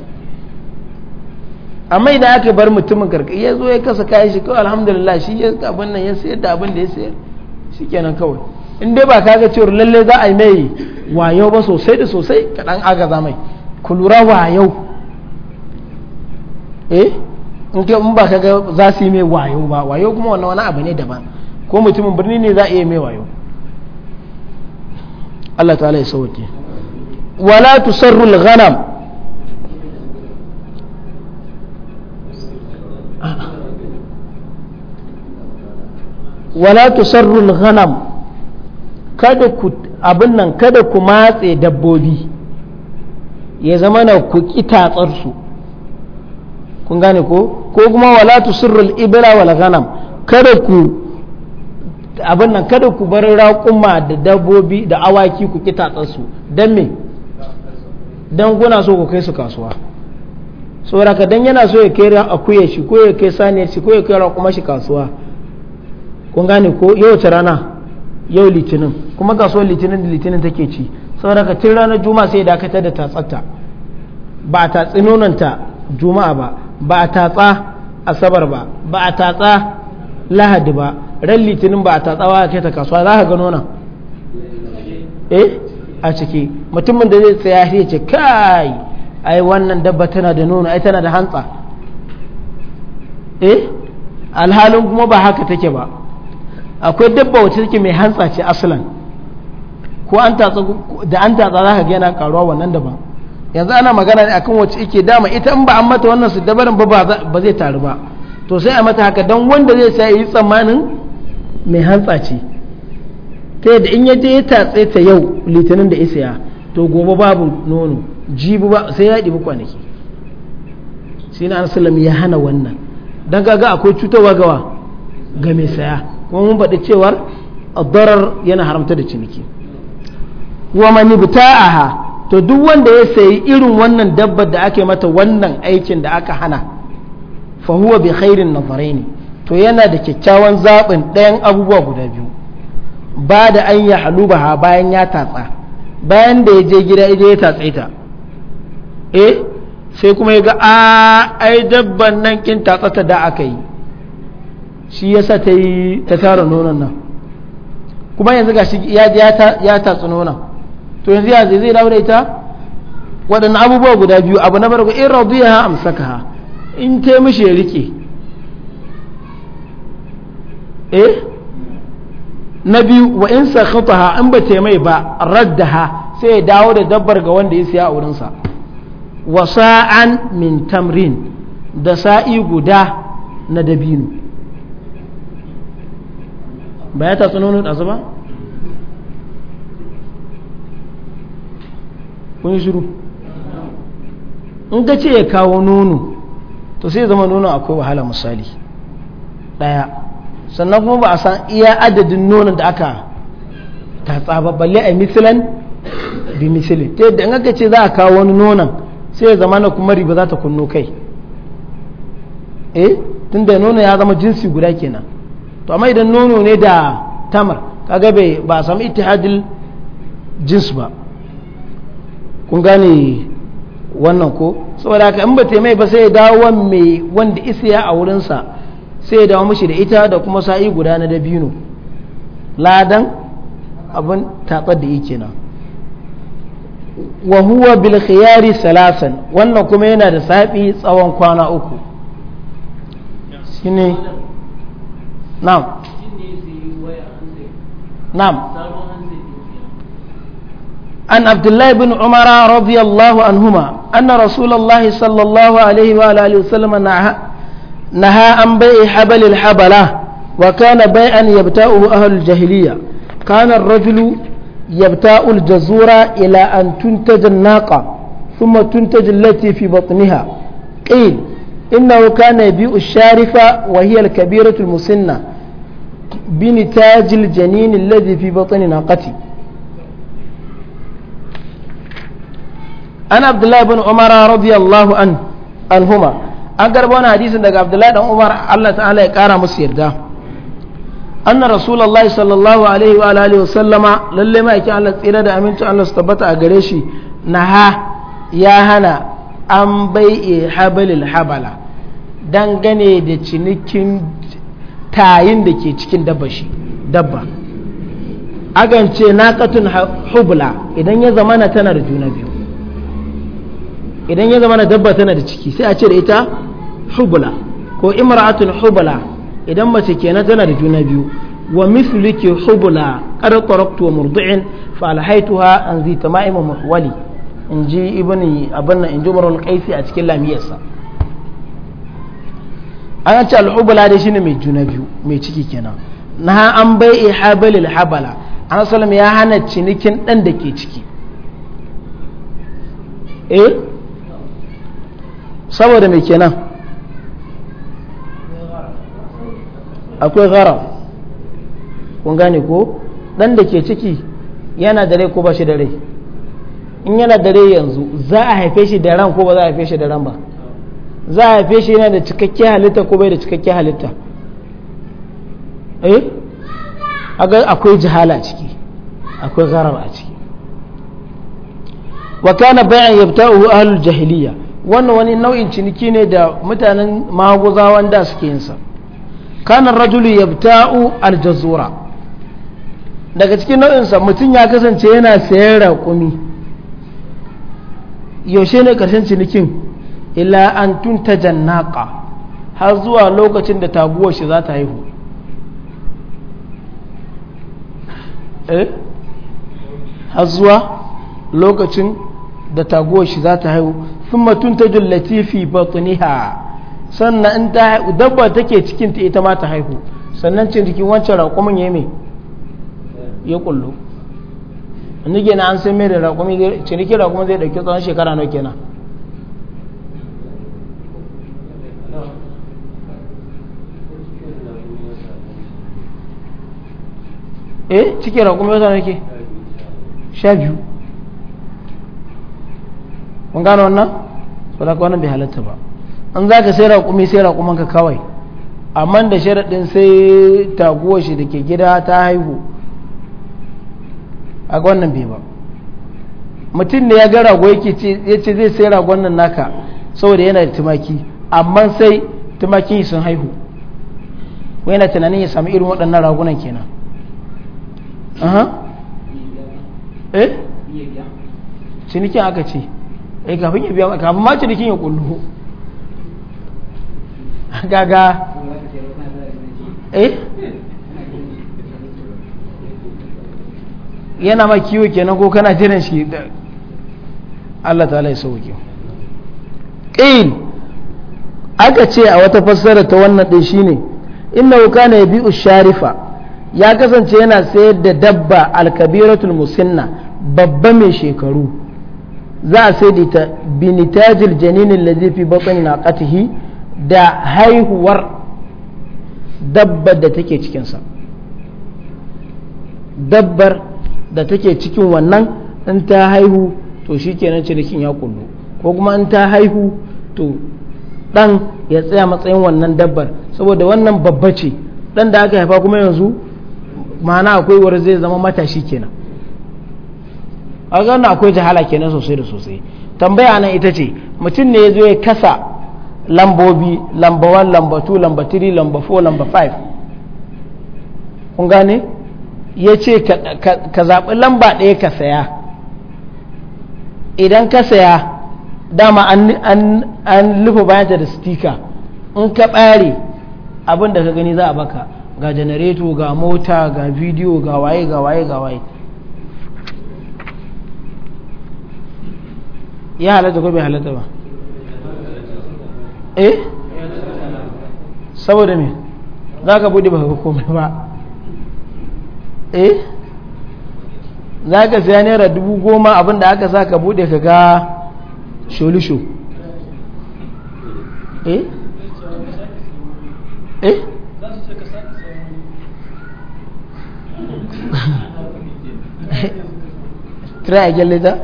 amma idan aka bar mutumin karka ya zo ya kasa kayan shi kawai alhamdulillah shi ya abin nan ya sayar da abin da ya sayar shi kenan kawai in dai ba ka ga cewar lalle za a yi mai wayo ba sosai da sosai kaɗan agaza mai ku lura yau eh in ke in ba ka ga za su yi mai wayo ba wayo kuma wannan wani abu ne daban ko mutumin birni ne za a iya mai wayo Allah ta'ala ya sauke wala tusarru ghanam wala tusarru al-ghanam kada ku abin nan kada ku matse dabbobi ya zama na ku ƙi tsarsu kun gane ko ko kuma wala tusirrul ibra wal ghanam kada ku abin nan kada ku bar raƙuma da dabbobi da awaki ku ƙi tsarsu don me don kuna so ku kai su kasuwa saboda ka dan yana so ya kai akuya shi ko ya kai saniyar shi ko ya kai raƙuma shi kasuwa kun gane ko yau ta rana yau litinin kuma kasuwar litinin da litinin take ci saboda tun ranar juma'a sai dakatar da tatsatta ba a tatsi nonanta juma'a ba ba a tatsa asabar ba ba a tatsa lahadi ba ran litinin ba a tatsa ba kai ta kasuwa za ka ga nonan eh a ciki mutumin da zai tsaya sai ce kai ai wannan dabba tana da nono ai tana da hantsa eh alhalin kuma ba haka take ba akwai dabba wacce take mai hantsa ce aslan ko an tatsa da an tatsa za ka ga yana karuwa wannan daban yanzu ana magana ne akan wacce ike dama ita in ba an mata wannan su dabarin ba ba zai taru ba to sai a mata haka don wanda zai sai yi tsammanin mai hantsa ce ta yadda in yaje ya tatse ta yau litinin da ya to gobe babu nono jibi ba sai ya ɗibi kwanaki sai na sallam ya hana wannan don ga akwai cutarwa gawa ga mai saya kuma mun faɗi cewar darar yana haramta da ciniki wa man aha, to duk wanda ya sayi irin wannan dabbar da ake mata wannan aikin da aka hana fa huwa bi khairin ne, to yana da kyakkyawan zaɓin ɗayan abubuwa guda biyu ba da an yi halubaha bayan ya tatsa bayan da ya je gida ya ya tatsa ita eh sai kuma ya ga a ai dabban nan kin tatsa ta da aka yi shi sa ta yi ta tara nonon nan kuma yanzu ga shi ya tatsa nonon to yanzu ya zai dawo da ita waɗannan abubuwa guda biyu abu na farko in radiya ha in ta mishi ya rike eh na biyu wa in ha in ba ta mai ba ha sai ya dawo da dabbar ga wanda ya siya a wurinsa wa sa'an min tamrin da sa'i guda na dabino ba ya tatsunonin ɗazu ba kun shiru in ka ce ya kawo nono to sai zama nono akwai wahala misali ɗaya sannan kuma ba a san iya adadin nonon da aka tatsa ba balle a misilan bi misili ta yadda in aka ce za a kawo wani nonon sai ya zama na kuma riba za ta kunno kai eh tunda nono ya zama jinsi guda kenan to amma idan nono ne da tamar kaga bai ba a samu ittihadil jins ba kun gane wannan ko saboda haka in ba ta mai ba sai ya dawo mai wanda isiya a wurinsa sai ya dawo mashi da ita da kuma sa'i guda na dabino ladan abin tatsar da yake nan wa huwa bil salasan wannan kuma yana da saɓi tsawon kwana uku shine na'am عن عبد الله بن عمر رضي الله عنهما أن رسول الله صلى الله عليه وآله وسلم نهى نهى عن بيع حبل الحبلة وكان بيعا يبتاؤه أهل الجاهلية كان الرجل يبتاء الجزورة إلى أن تنتج الناقة ثم تنتج التي في بطنها قيل إنه كان يبيع الشارفة وهي الكبيرة المسنة بنتاج الجنين الذي في بطن ناقته ana abdullahi bin umara radiyallahu an anhuma an garba wani hadisin daga abdullahi dan umar Allah ta'ala ya kara musu yarda anna rasulullahi sallallahu alaihi wa alihi wa sallama lalle ma Allah tsira da aminci Allah su tabbata a gare shi ha ya hana an bai'i habalil habala dangane da cinikin tayin da ke cikin dabba akan na naqatun hubla idan ya zama na da juna biyu idan ya zama na dabba tana da ciki sai a ce da ita hubula ko imra'atun hubula idan mace kenan tana da juna biyu wa misliki hubula qad taraktu wa murdi'in fa alhaytuha an zi tama'im muhwali in ji abanna in ji marul qaisi a cikin lamiyarsa an ce alhubula dai shine mai juna biyu mai ciki kenan na an bai'i habalil habala an ya hana cinikin dan da ke ciki eh saboda mai kenan akwai gara kun gane ko dan da ke ciki yana da rai ko ba shi da rai in yana da rai yanzu za a haife shi da ran ko ba za a haife shi da ran ba za a haife shi yana da cikakken halitta ko bai da cikakken halitta eh akwai jihala a ciki akwai gharar a ciki wa kana bai'an yabta'u ahlul jahiliya wannan wani nau'in ciniki ne da mutanen maguzawan da suke yinsa kanan rajulu ta'u aljazura daga cikin nau'insa mutum ya kasance yana sayan raƙumi yaushe ne ƙarshen cinikin ila an ta jannaka har zuwa lokacin da taguwar shi za ta haihu eh har zuwa lokacin da taguwar shi za ta haihu thumma tuntaju allati fi batniha sannan in ta dabba cikin ta ita ma ta haihu sannan cin jikin wancan raƙumin ya me ya kullu ni kenan an sai mai da raƙumi ciniki raƙumi zai ɗauki tsawon shekara nawa kenan eh cikin raƙumi wata nake sha biyu mun gano wannan ko da wannan bai halatta ba an za ka sai raƙumi sai raƙumanka kawai amma da sharaɗin sai taguwar shi da ke gida ta haihu a wannan bai ba mutum ne ya ga rago ya ce zai sai ragon nan naka saboda yana da tumaki amma sai tumakin sun haihu wai yana tunanin ya sami irin waɗannan ragunan kenan eh cinikin aka ce ya eh, kafin ya biya kafin ma cinikin ya kullu gaga eh yana ma kiwo kenan ko kana jiran shi da Allah ta ya sauke qil aka ce a wata fassara ta wannan din shine innahu kana bi sharifa ya kasance yana sayar da dabba alkabiratul musinna babba mai shekaru za a sai ta binitajil janinin ladhi fi na katihi da haihuwar dabbar da take cikinsa dabbar da take cikin wannan in ta haihu to shi kenan cinikin ya kullu ko kuma in ta haihu to dan ya tsaya matsayin wannan dabbar saboda wannan babba ce dan da aka haifa kuma yanzu ma'ana akwai wani zai zama matashi kenan a ga akwai jahala kenan sosai da sosai tambaya nan ita ce mutum ne ya zo ya kasa lambobi lamba 1 lamba 2 lamba 3 lamba 4 lamba 5 kun gane ya ce ka zaɓi lamba ɗaya ka saya idan ka saya dama an lufa bayanta da stika in ka ɓare abin da ka gani za a baka ga janareto ga mota ga bidiyo ga waye ga waye ga waye ya halatta ko bai halatta ba eh saboda me za ka bude ba ka komai ba eh za ka siya naira dubu goma abinda aka sa ka bude ka ga sholisho eh eh try again later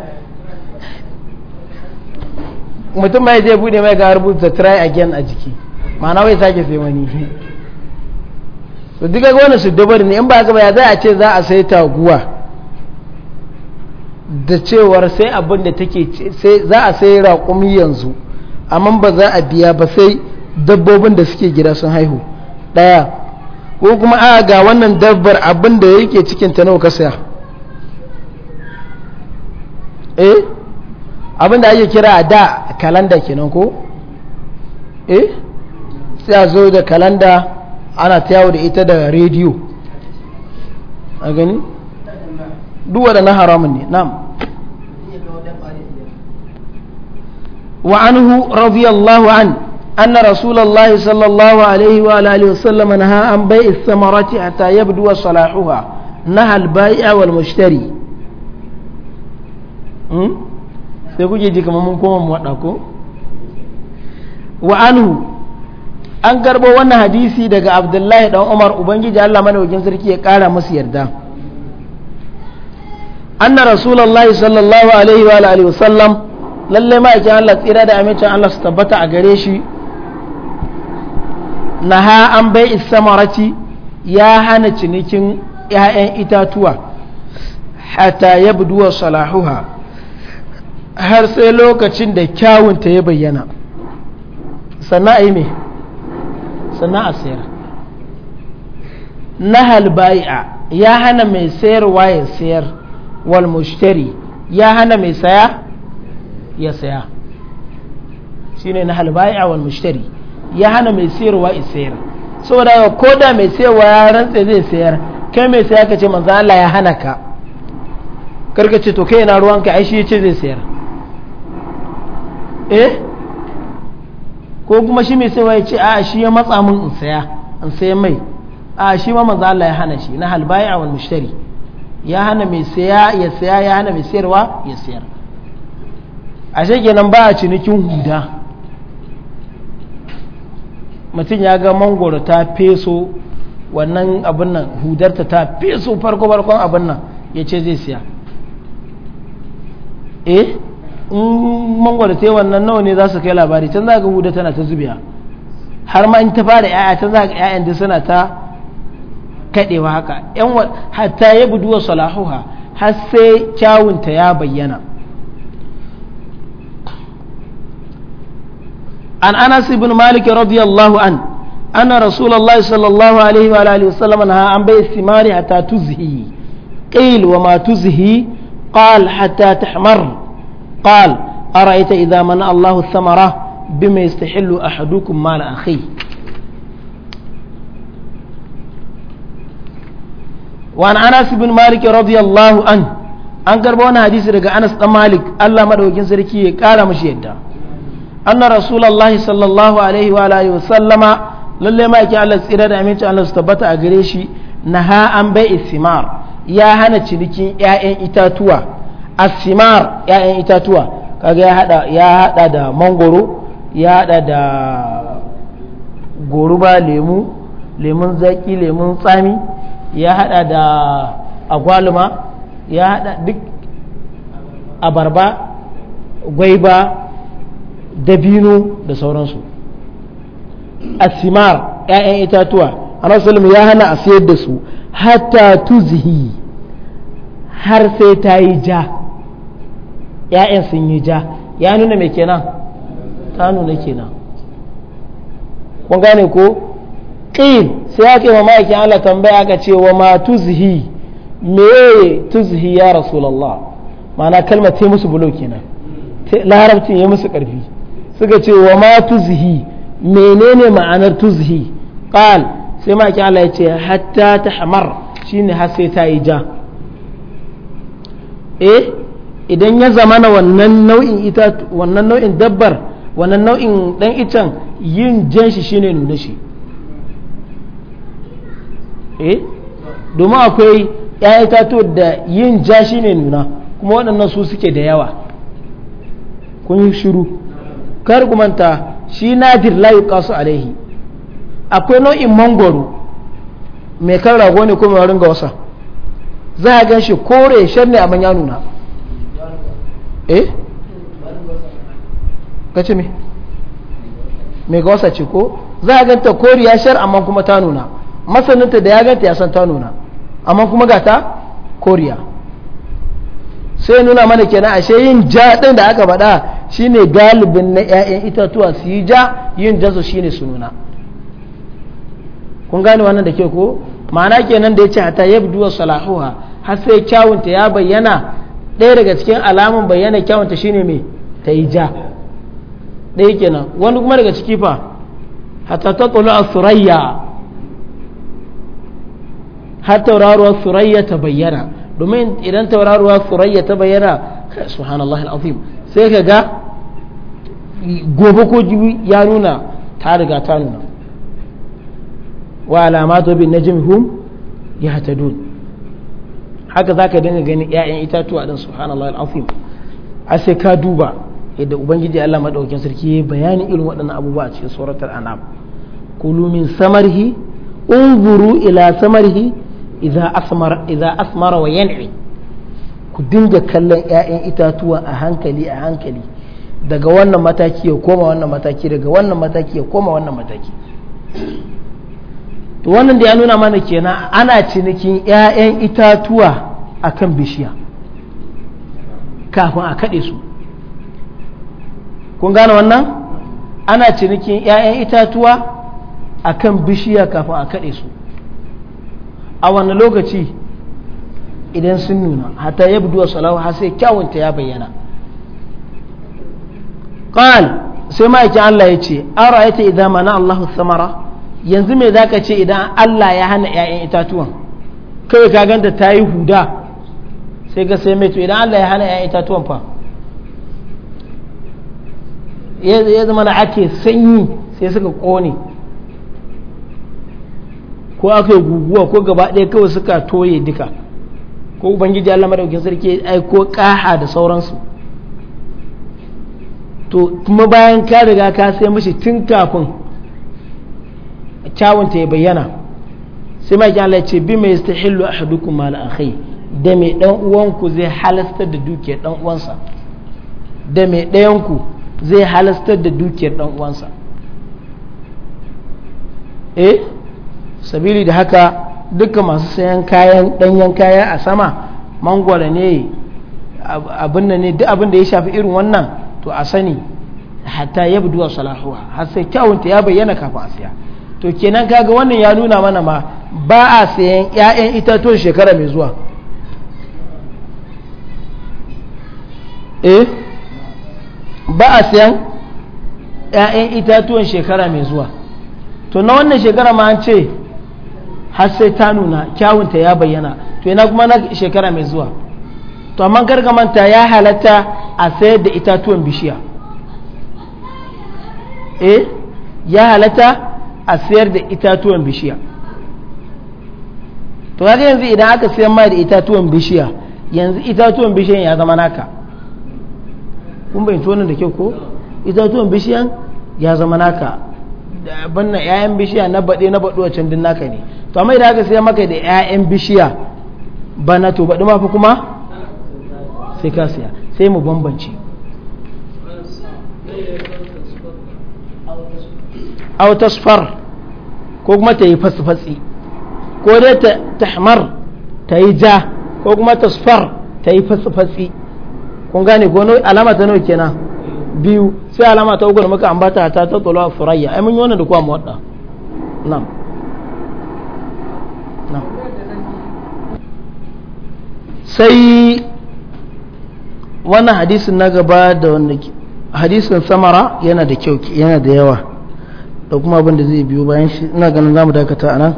mutum mai zai bude mai ga rubuta try again a jiki ma'ana wai sake sai wani su duka wani su dabar ne in ba ka ya za a ce za a sai taguwa da cewar sai abin da take sai za a sai raƙumi yanzu amma ba za a biya ba sai dabbobin da suke gida sun haihu ɗaya ko kuma a ga wannan dabbar abin da yake cikin ta nawa ka saya eh abin da ake kira da kalanda kenan ko eh sai a zo da kalanda ana ta da ita da rediyo a gani duwa da na haramun ne na'am wa anhu radiyallahu an أن رسول الله صلى الله عليه وآله وسلم نهى عن بيع الثمرة حتى يبدو صلاحها نهى البائع والمشتري م? sai kuke ji kamar mun koma mu wada ko wa anhu an karbo wannan hadisi daga abdullahi dan umar ubangiji allah madaukakin sarki ya kara musu yarda anna rasulullahi sallallahu alaihi wa alihi wasallam lalle ma'aikin allah tsira da amincin allah su tabbata a gare shi naha an bai samarati ya hana cinikin 'ya'yan itatuwa hatta yabduwa salahuha har sai lokacin da kyawunta ya bayyana sana'a yi mai sana'a sayar nahal bai'a ya hana mai sayarwa ya sayar wal mushtari ya hana mai saya ya saya shi ne na bai'a wal mushtari ya hana mai sayarwa ya sayar saboda ko da mai sayarwa ya rantse zai sayar kai mai saya ka ce manzo Allah ya hana ka karka ce to kai na ruwanka ai shi ce zai sayar eh ko kuma shi mai sai ya ce a shi ya matsa min in saya in saya mai a shi ma manzo Allah ya hana shi na halbayi a wal mushtari ya hana mai saya ya saya ya hana mai sayarwa ya sayar shi kenan ba a cinikin huda mutum ya ga mangoro ta feso wannan abin nan hudarta ta feso farko farkon abin nan ya ce zai siya eh in ta yi wannan nawa ne za su kai labari can za ga huda tana ta zubiya har ma in ta fara ya'ya can za ga ya'yan da suna ta kadewa haka yan hatta ya buduwa salahuha har sai kyawunta ya bayyana an أنس بن مالك رضي الله عنه أن رسول الله صلى الله عليه وآله وسلم نهى عن بيع الثمار حتى تزهي قيل وما تزهي قال حتى تحمر قال أرأيت إذا منع الله الثمرة بما يستحل أحدكم مال أخيه وعن أنس بن مالك رضي الله عنه an karba wani hadisi daga anas dan malik allah madaukin sarki ya kara mashi yadda anna rasulullah sallallahu alaihi wa alihi wa sallama lalle ma yake allah tsira da aminci allah su tabbata a gare shi naha an bai ismar ya hana cinikin ƴaƴan itatuwa asimar ya'yan itatuwa kaga ya hada ya hada da mangoro ya hada da goruba lemu lemun zaki lemun tsami ya hada da agwaluma ya hada duk abarba gwaiba dabino da sauransu asimar ya'yan itatuwa anasalim ya hana a siyar da su hatta tuzhi har sai ta yi ja 'ya'yan sun yi ja ya nuna mai kenan ta nuna kenan kun gane ko ƙil sai ake ma ma'aikin Allah tambaya aka ce wa ma tuzihi me tuzihi ya rasulallah ma'ana kalmar ta musu bulo kenan larabcin ya musu ƙarfi suka ce wa ma tuzihi menene ma'anar tuzihi ƙal sai ma'aikin Allah ya ce hatta ta hamar shine har sai ta yi ja eh idan ya zamana wannan nau'in ita wannan nau'in dabbar wannan nau'in dan itan yin jan shi shine nuna shi eh domin akwai ya itatuwa da yin ja shine nuna kuma waɗannan su suke da yawa kun yi shiru kar ku manta shi nadir la yuqasu alaihi akwai nau'in mangoro mai kan rago ne kuma ringa wasa za a gan shi kore shan ne a ya nuna eh kace me mai gosa ce ko za a ganta koriya shar amma kuma ta nuna masaninta da ya ganta ya san ta nuna amma kuma ga ta koriya sai nuna mana kenan ashe yin ja ɗin da aka faɗa shine galibin na 'ya'yan itatuwa su yi ja yin ja su shine su nuna kun gane wannan da ke ko ma'ana kenan da ya ce hata yabduwa salahuha har sai kyawunta ya bayyana ɗaya daga cikin alamun bayyana kyawunta shine mai ta yi ja ɗaya kenan wani kuma daga ciki fa hatta ta tsolo a surayya har tauraruwa surayya ta bayyana domin idan tauraruwa surayya ta bayyana subhanallah al'azim sai ka ga gobe ko jibi ya nuna ta riga ta nuna wa alamatu bin najmihum yahtadun haka za ka dinga ganin 'ya'yan itatuwa din subhanallah al'afim a sai ka duba yadda ubangiji allah maɗaukin sarki ya bayani irin waɗannan abubuwa a cikin suratar anam kulu min samarhi unzuru ila samarhi idza asmara idza wa yan'i ku dinga kallon 'ya'yan itatuwa a hankali a hankali daga wannan mataki ya koma wannan mataki daga wannan mataki ya koma wannan mataki to wannan da ya nuna mana kenan ana cinikin 'ya'yan itatuwa a kan bishiya kafin a kaɗe su kun gane wannan ana cinikin 'ya'yan itatuwa a kan bishiya kafin a kaɗe su a wani lokaci idan sun nuna hata ya duwa salahu har sai kyawunta ya bayyana sai قال سمعت الله يتي أرأيت إذا منع الله samara. yanzu me za ka ce idan Allah ya hana 'ya'yan itatuwan kawai ka ganta ta yi huda sai ka sai mai to idan Allah ya hana 'ya'yan itatuwan fa ya zama na ake sanyi sai suka kone ko aka yi guguwa ko gaba ɗaya kawai suka toye duka ko ubangiji Allah madaukin sarki ai aiko kaha da sauransu to kuma bayan ka riga ka sai mashi tun kafin kyawunta ya bayyana sai mai Allah ce bi mai istahillu mala a kai da mai dan uwanku zai halastar da dukiyar dan uwansa da mai ɗayanku zai halastar da dukiyar dan uwansa eh sabili da haka duka masu sayan kayan danyen kaya a sama mangwara ne abin ne duk abin da ya shafi irin wannan to a sani hatta yabdu wa salahuha har sai kyawunta ya bayyana kafin a siya to kenan kaga wannan ya nuna mana ma ba a sayan 'ya'yan itatuwan shekara mai zuwa eh ba a sayan 'ya'yan itatuwan shekara mai zuwa to na wannan shekara ma an ce har sai ta nuna kyawunta ya bayyana to yana kuma na shekara mai zuwa to amma gargamanta ya halatta a sayar da itatuwan bishiya eh ya halatta a sayar da itatuwan bishiya to kaga yanzu idan aka sayar ma da itatuwan bishiya yanzu itatuwan bishiyan ya zama naka kun bai tona da kyau ko itatuwan bishiyan ya zama naka abin na 'ya'yan bishiya na baɗe na baɗo a can din naka ne to amma idan aka sayar maka da 'ya'yan bishiya bana to baɗi ma fa kuma sai ka siya sai mu bambance aw tasfar ko kuma ta yi fasfatsi ko dai ta tahmar ta yi ja ko kuma tasfar ta yi fasfatsi kun gane ko alama ta nawa kenan biyu sai alama ta uku da muka ambata ta ta tsalo a furayya ai mun yi wannan da kuwa muwadda na'am sai wannan hadisin na gaba da wanda hadisin samara yana da kyau yana da yawa da kuma abin da zai biyo bayan shi ina ganin zamu dakata anan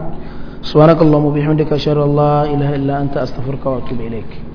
subhanakallahumma bihamdika ashhadu an la ilaha illa anta astaghfiruka wa atubu ilaik